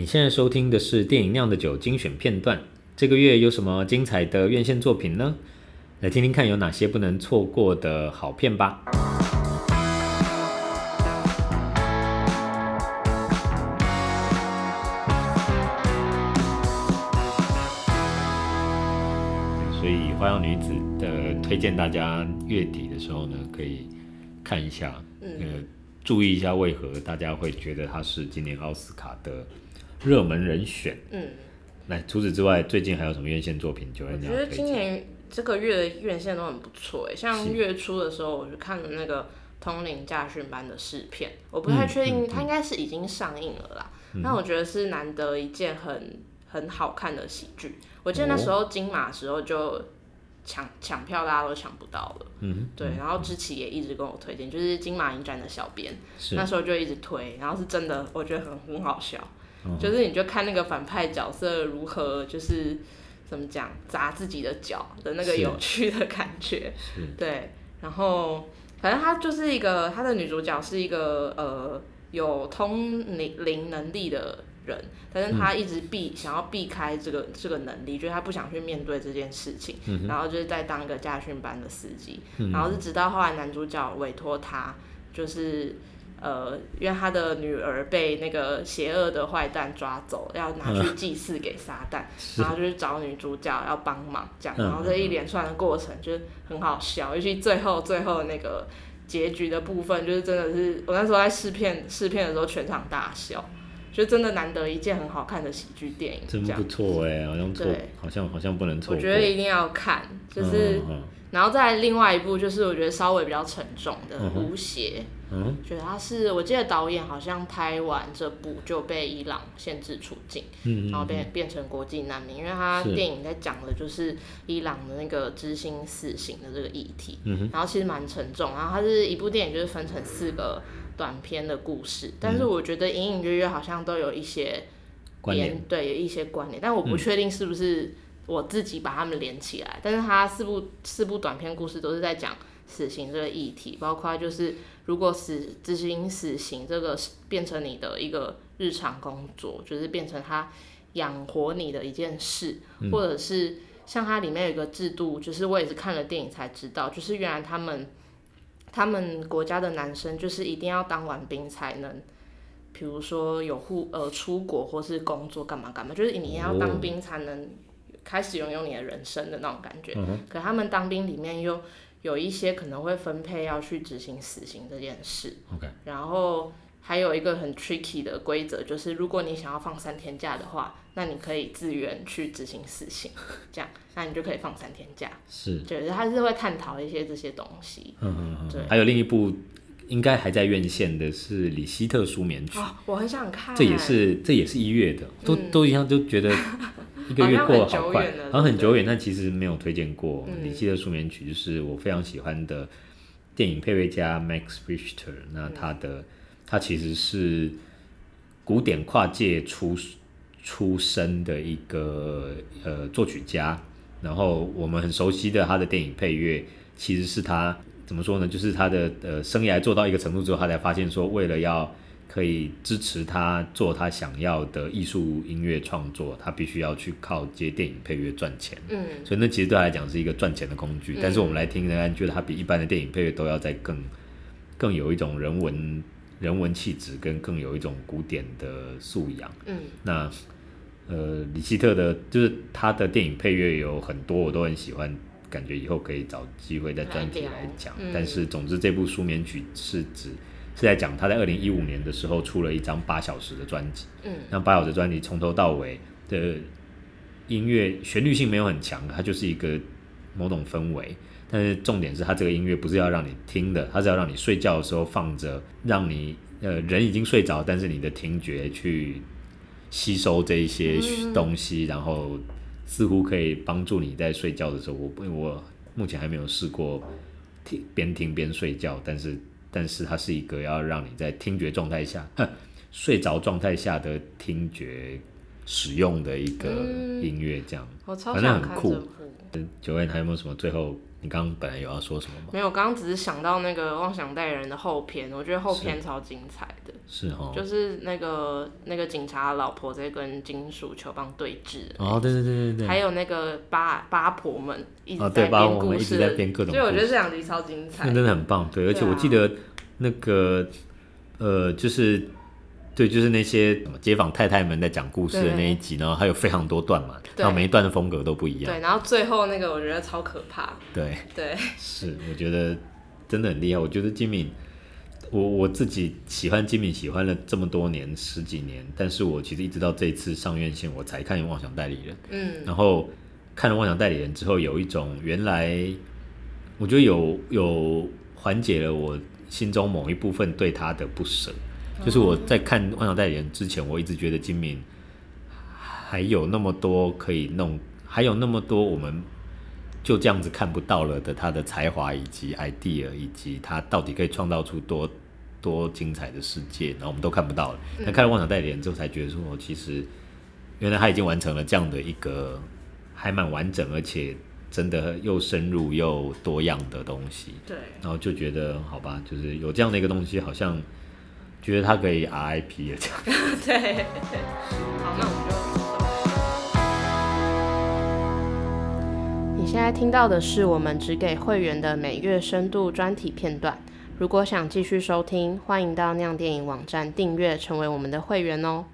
你現在收聽的是電影《釀的酒》精選片段。這個月有什麼精彩的院線作品呢？來聽聽看有哪些不能錯過的好片吧。所以《花漾女子》的推薦，大家月底的時候呢，可以看一下，嗯、呃，注意一下為何大家會覺得它是今年奧斯卡的。熱門人選。嗯，那除此之外，最近還有什麼院線作品？就會我覺得今年這個月的院線都很不錯誒。像月初的時候，我去看了那個通的《通靈駕訓班》的試片，我不太確定、嗯、它應該是已經上映了啦、嗯。那我覺得是難得一見很很好看的喜劇。我記得那時候金馬的時候就搶搶、哦、票，大家都搶不到了。嗯，對。然後芝奇也一直跟我推薦，就是金馬影展的小編，那時候就一直推。然後是真的，我覺得很很好笑。就是你就看那個反派角色如何，就是怎麼講砸自己的腳的那個有趣的感覺，對。然後反正他就是一個，他的女主角是一個呃有通靈靈能力的人，但是她一直避、嗯、想要避開這個這個能力，就是她不想去面對這件事情。嗯、然後就是在當一個駕訓班的司機、嗯，然後是直到後來男主角委托他，就是。呃，因為他的女兒被那個邪惡的壞蛋抓走，要拿去祭祀給撒旦，嗯、是然後就去找女主角要幫忙，這樣嗯嗯嗯，然後這一連串的過程就是很好笑，嗯嗯尤其最後最後那個結局的部分，就是真的是我那時候在試片試片的時候全場大笑，就真的難得一見很好看的喜劇電影，真不錯哎、欸，好像對好像好像不能錯，我覺得一定要看，就是，嗯嗯嗯嗯然後再另外一部就是我覺得稍微比較沉重的《嗯嗯嗯無邪》。覺、嗯、得他是，我記得導演好像拍完這部就被伊朗限制出境嗯嗯嗯嗯，然後變變成國際難民，因為他電影在講的就是伊朗的那個執行死刑的這個議題，嗯嗯然後其實蠻沉重。然後他是一部電影，就是分成四個短片的故事，嗯、但是我覺得隱隱約約好像都有一些關聯，對，有一些關聯，但我不確定是不是我自己把它們連起來、嗯。但是他四部四部短片故事都是在講。死刑這個議題，包括就是如果死執行死刑這個變成你的一個日常工作，就是變成他養活你的一件事，嗯，或者是像它裡面有個制度，就是我也是看了電影才知道，就是原來他們他們國家的男生就是一定要當完兵才能，比如說有戶呃出國或是工作幹嘛幹嘛，就是你一定要當兵才能。哦開始擁有你的人生的那種感覺，嗯哼。可他們當兵裡面又有一些可能會分配要去執行死刑這件事。OK。然後還有一個很 tricky 的規則，就是如果你想要放三天假的話，那你可以自願去執行死刑， 這樣，那你就可以放三天假。是。就是他是會探討一些這些東西。嗯哼嗯嗯。對。還有另一部應該還在院線的是《李希特舒眠曲》。哦，我很想看。這也是，這也是一月的，都、嗯、都一樣，就覺得。 一個月過得好快，哦、好像很久遠，但其實沒有推薦過，嗯。你記得《睡眠曲》就是我非常喜歡的電影配樂家 Max Richter，嗯。那他的他其實是古典跨界出出身的一個呃作曲家。然後我們很熟悉的他的電影配樂，其實是他怎麼說呢？就是他的呃，生涯做到一個程度之後，他才發現說，為了要可以支持他做他想要的藝術音樂創作，他必須要去靠接電影配樂賺錢。嗯，所以那其實對他來講是一個賺錢的工具、嗯。但是我們來聽仍然覺得他比一般的電影配樂都要再更更有一種人文人文氣質，跟更有一種古典的素養。嗯，那呃，李希特的就是他的電影配樂有很多我都很喜歡，感覺以後可以找機會再專題來講、嗯。但是總之，這部《舒眠曲》是指。是在講他在二零一五年的時候出了一張八小時的專輯，嗯，那八小時的專輯從頭到尾的音樂旋律性沒有很強，它就是一個某種氛圍。但是重點是他這個音樂不是要讓你聽的，它是要讓你睡覺的時候放着，讓你呃人已經睡着，但是你的聽覺去吸收這一些東西，嗯、然後似乎可以幫助你在睡覺的時候。我我目前還沒有試過聽邊聽邊睡覺，但是。但是它是一個要讓你在聽覺狀態下、睡着狀態下的聽覺使用的一個音樂這樣、嗯，反正很酷。九位，還有沒有什麼？最後。你剛剛本來有要說什麼嗎？沒有，剛剛只是想到那個《妄想代理人》的後篇，我覺得後篇超精彩的。是，是哦，就是那個那個警察的老婆在跟金屬球棒對峙。哦，對對對對對。還有那個八八婆們一直在編故事。哦、對，我們一直在編各種。所以我覺得這兩集超精彩。那真的很棒，對，而且我記得那個、啊、呃，就是。對，就是那些街坊太太們在講故事的那一集，然後還有非常多段嘛，然後每一段的風格都不一樣。對，然後最後那個我覺得超可怕。對對，是，我覺得真的很厲害。我覺得今敏，我我自己喜歡今敏，喜歡了這麼多年十幾年，但是我其實一直到這次上院線我才看《妄想代理人》。嗯，然後看了《妄想代理人》之後，有一種原來我覺得有有緩解了我心中某一部分對他的不捨。就是我在看《妄想代理人》之前，我一直覺得今敏還有那麼多可以弄，還有那麼多我們就這樣子看不到了的他的才華以及 idea，以及他到底可以創造出多多精彩的世界，然後我們都看不到了。那看了《妄想代理人》之後，才覺得說，其實原來他已經完成了這樣的一個還蠻完整，而且真的又深入又多樣的東西。對，然後就覺得好吧，就是有這樣的一個東西，好像。覺得他可以 RIP 的這樣，對對。 好，那我們就。你現在聽到的是我們只給會員的每月深度專題片段。如果想繼續收聽，歡迎到釀電影網站訂閱成為我們的會員哦、喔。